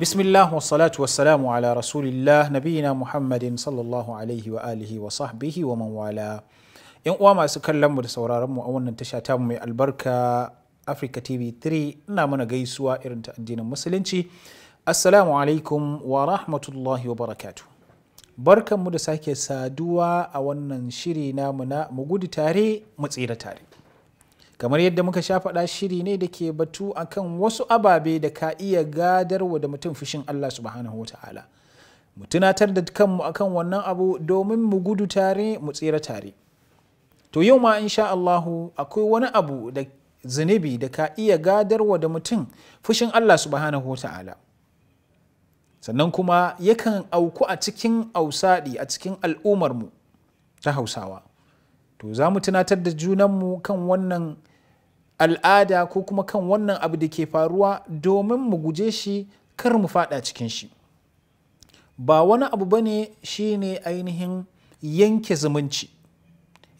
bismillah wassalatu wassalamu ala rasulillah nabiyina muhammadin sallallahu alaihi wa alihi wa sahbihi wa man wala yan uwa masu kallon mu da sauraron mu a wannan tasha ta mai albarka Africa TV 3 ina mana gaisuwa irin ta addinin musulunci assalamu alaikum wa rahmatullahi wa barakatu. barkan mu da sake saduwa a wannan shiri namu na mu gudu tare mu tsira tare kamar yadda muka sha faɗa shiri ne da ke batu akan wasu ababe da ka iya gadarwa da mutum fushin Allah subhanahu wa ta'ala mu tunatar da kanmu akan wannan abu domin mu gudu tare mu tsira tare to yau ma insha Allahu akwai wani abu da zunubi da ka iya gadarwa da mutum fushin Allah subhanahu wa ta'ala sannan kuma yakan auku a cikin ausadi a cikin al'umarmu ta hausawa to za mu tunatar da junanmu kan wannan al'ada ko kuma kan wannan abu da ke faruwa domin mu guje shi kar mu fada cikin shi ba wani abu ba ne shi ne ainihin yanke zumunci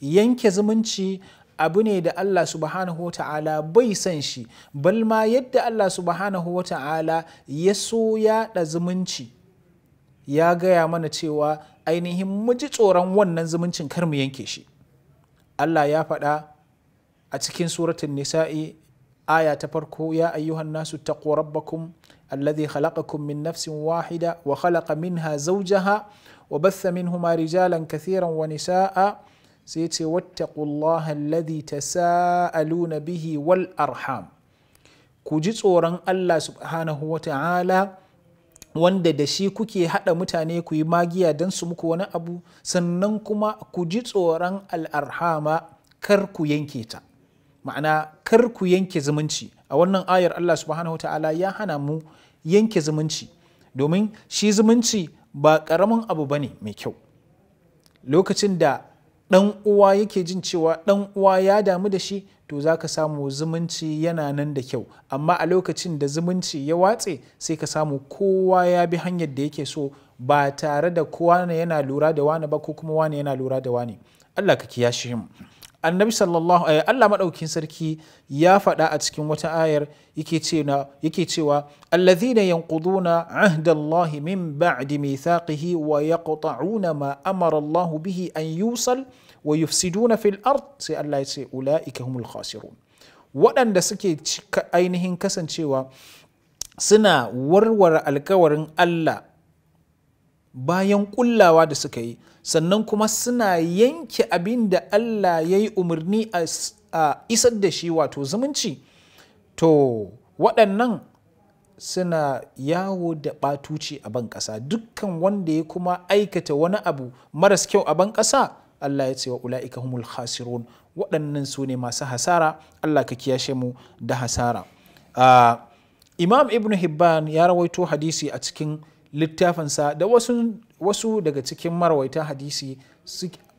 yanke zumunci abu ne da Allah subhanahu wa ta'ala bai san shi balma yadda Allah subhanahu wa ta'ala ya so yaɗa zumunci ya gaya mana cewa ainihin mu ji tsoron wannan zumuncin kar mu yanke shi Allah ya faɗa a cikin suratun nisa'i aya ta farko ya ayyuhan nasu taqwa rabbakum alladhi khalaqakum min nafsin wahida wa khalaqa minha zawjaha wa batha minhuma rijalan kathiran wa nisa'a sai ce wattaqullaha alladhi tasaaluna bihi wal arham ku ji tsoron Allah subhanahu wa ta'ala wanda da shi kuke haɗa mutane ku yi magiya don su muku wani abu sannan kuma ku ji tsoron al'arhama kar ku yanke ta ma'ana kar ku yanke zumunci a wannan ayar Allah subhanahu ta'ala ya hana mu yanke zumunci domin shi zumunci ba ƙaramin abu bane mai kyau lokacin da ɗan uwa yake jin cewa ɗan uwa ya damu da shi to za ka samu zumunci yana nan da kyau amma a lokacin da zumunci ya watse sai ka samu kowa ya bi hanyar da yake so ba tare da kowa yana lura da wani ba ko kuma wani yana lura da wani Allah ka kiyashe mu annabi sallallahu alaihi eh, Allah madaukin sarki ya faɗa a cikin wata ayar yake cewa allazina cewa alladhina yanquduna ahdallahi min ba'di mithaqihi wa yaqta'una ma amara Allah bihi an yusal wa yufsiduna fil ard sai Allah ya ce ulaika humul khasirun waɗanda suke ainihin kasancewa suna warware alkawarin Allah bayan kullawa da suka yi sannan kuma suna yanke abin da Allah ya yi umarni a isar da shi wato zumunci to waɗannan suna yawo da ɓatuci a ban ƙasa dukkan wanda ya kuma aikata wani abu maras kyau a ban ƙasa Allah ya ce wa ula'ika humul khasirun waɗannan su ne masu hasara Allah ka kiyashe mu da hasara ah, imam ibn hibban ya rawaito hadisi a cikin littafinsa da wasu, daga cikin marwaita hadisi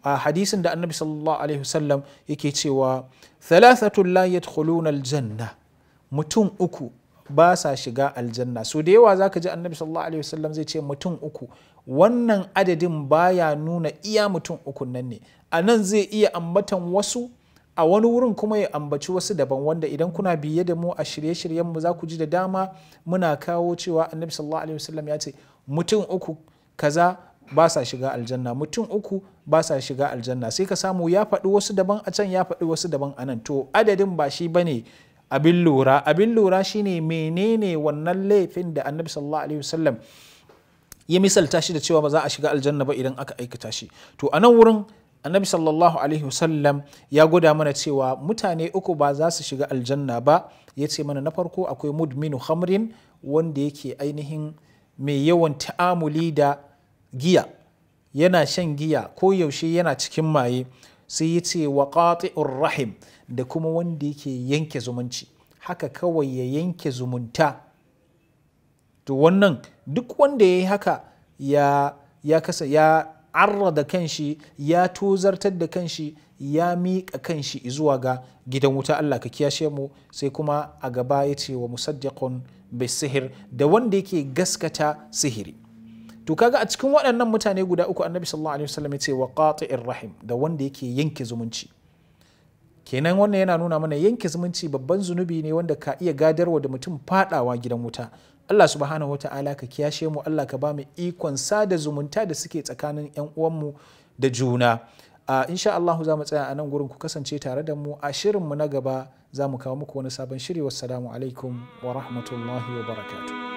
a hadisin da annabi sallallahu alaihi wasallam yake cewa thalathatun la yadkhuluna aljanna mutum uku ba sa shiga aljanna so da yawa zaka ji annabi sallallahu alaihi wasallam zai ce mutum uku wannan adadin baya nuna iya mutum uku nan ne a nan zai iya ambatan wasu a wani wurin kuma ya ambaci wasu daban wanda idan kuna biye da mu a shirye shiryen mu za ku ji da dama muna kawo cewa annabi sallallahu alaihi wasallam ya ce mutum uku kaza ba sa shiga aljanna mutum uku ba sa shiga aljanna sai ka samu ya faɗi wasu daban a can ya faɗi wasu daban anan to adadin ba shi bane abin lura abin lura shine menene wannan laifin da annabi sallallahu alaihi wasallam ya misalta shi da cewa ba za a shiga aljanna ba idan aka aikata shi to a nan wurin annabi sallallahu alaihi wasallam ya gwada mana cewa mutane uku ba za su shiga aljanna ba ya ce mana na farko akwai mudminu hamrin wanda yake ainihin mai yawan ta'amuli da giya yana shan giya ko yaushe yana cikin maye sai ya ce wa rahim da kuma wanda yake yanke zumunci haka kawai ya yanke zumunta to wannan duk wanda ya yi haka ya ya kasa ya arra da kanshi ya tozartar da kanshi ya miƙa kanshi zuwa ga gidan wuta Allah ka kiyashe mu sai kuma a gaba ya ce wa musaddiqun bai sihir da wanda yake gaskata sihiri to kaga a cikin waɗannan mutane guda uku annabi sallallahu alaihi wasallam ya ce wa qati'ir rahim da wanda yake yanke zumunci kenan wannan yana nuna mana yanke zumunci babban zunubi ne wanda ka iya gadarwa da mutum fadawa gidan wuta Allah subhanahu wata'ala ka kiyashe mu Allah ka ba mu ikon sada zumunta da suke tsakanin 'yan uwanmu da juna uh, insha Allah za mu tsaya a nan gurin ku kasance tare da mu a shirin mu na gaba za mu kawo muku wani sabon shiri wassalamu alaikum wa rahmatullahi wa barakatuh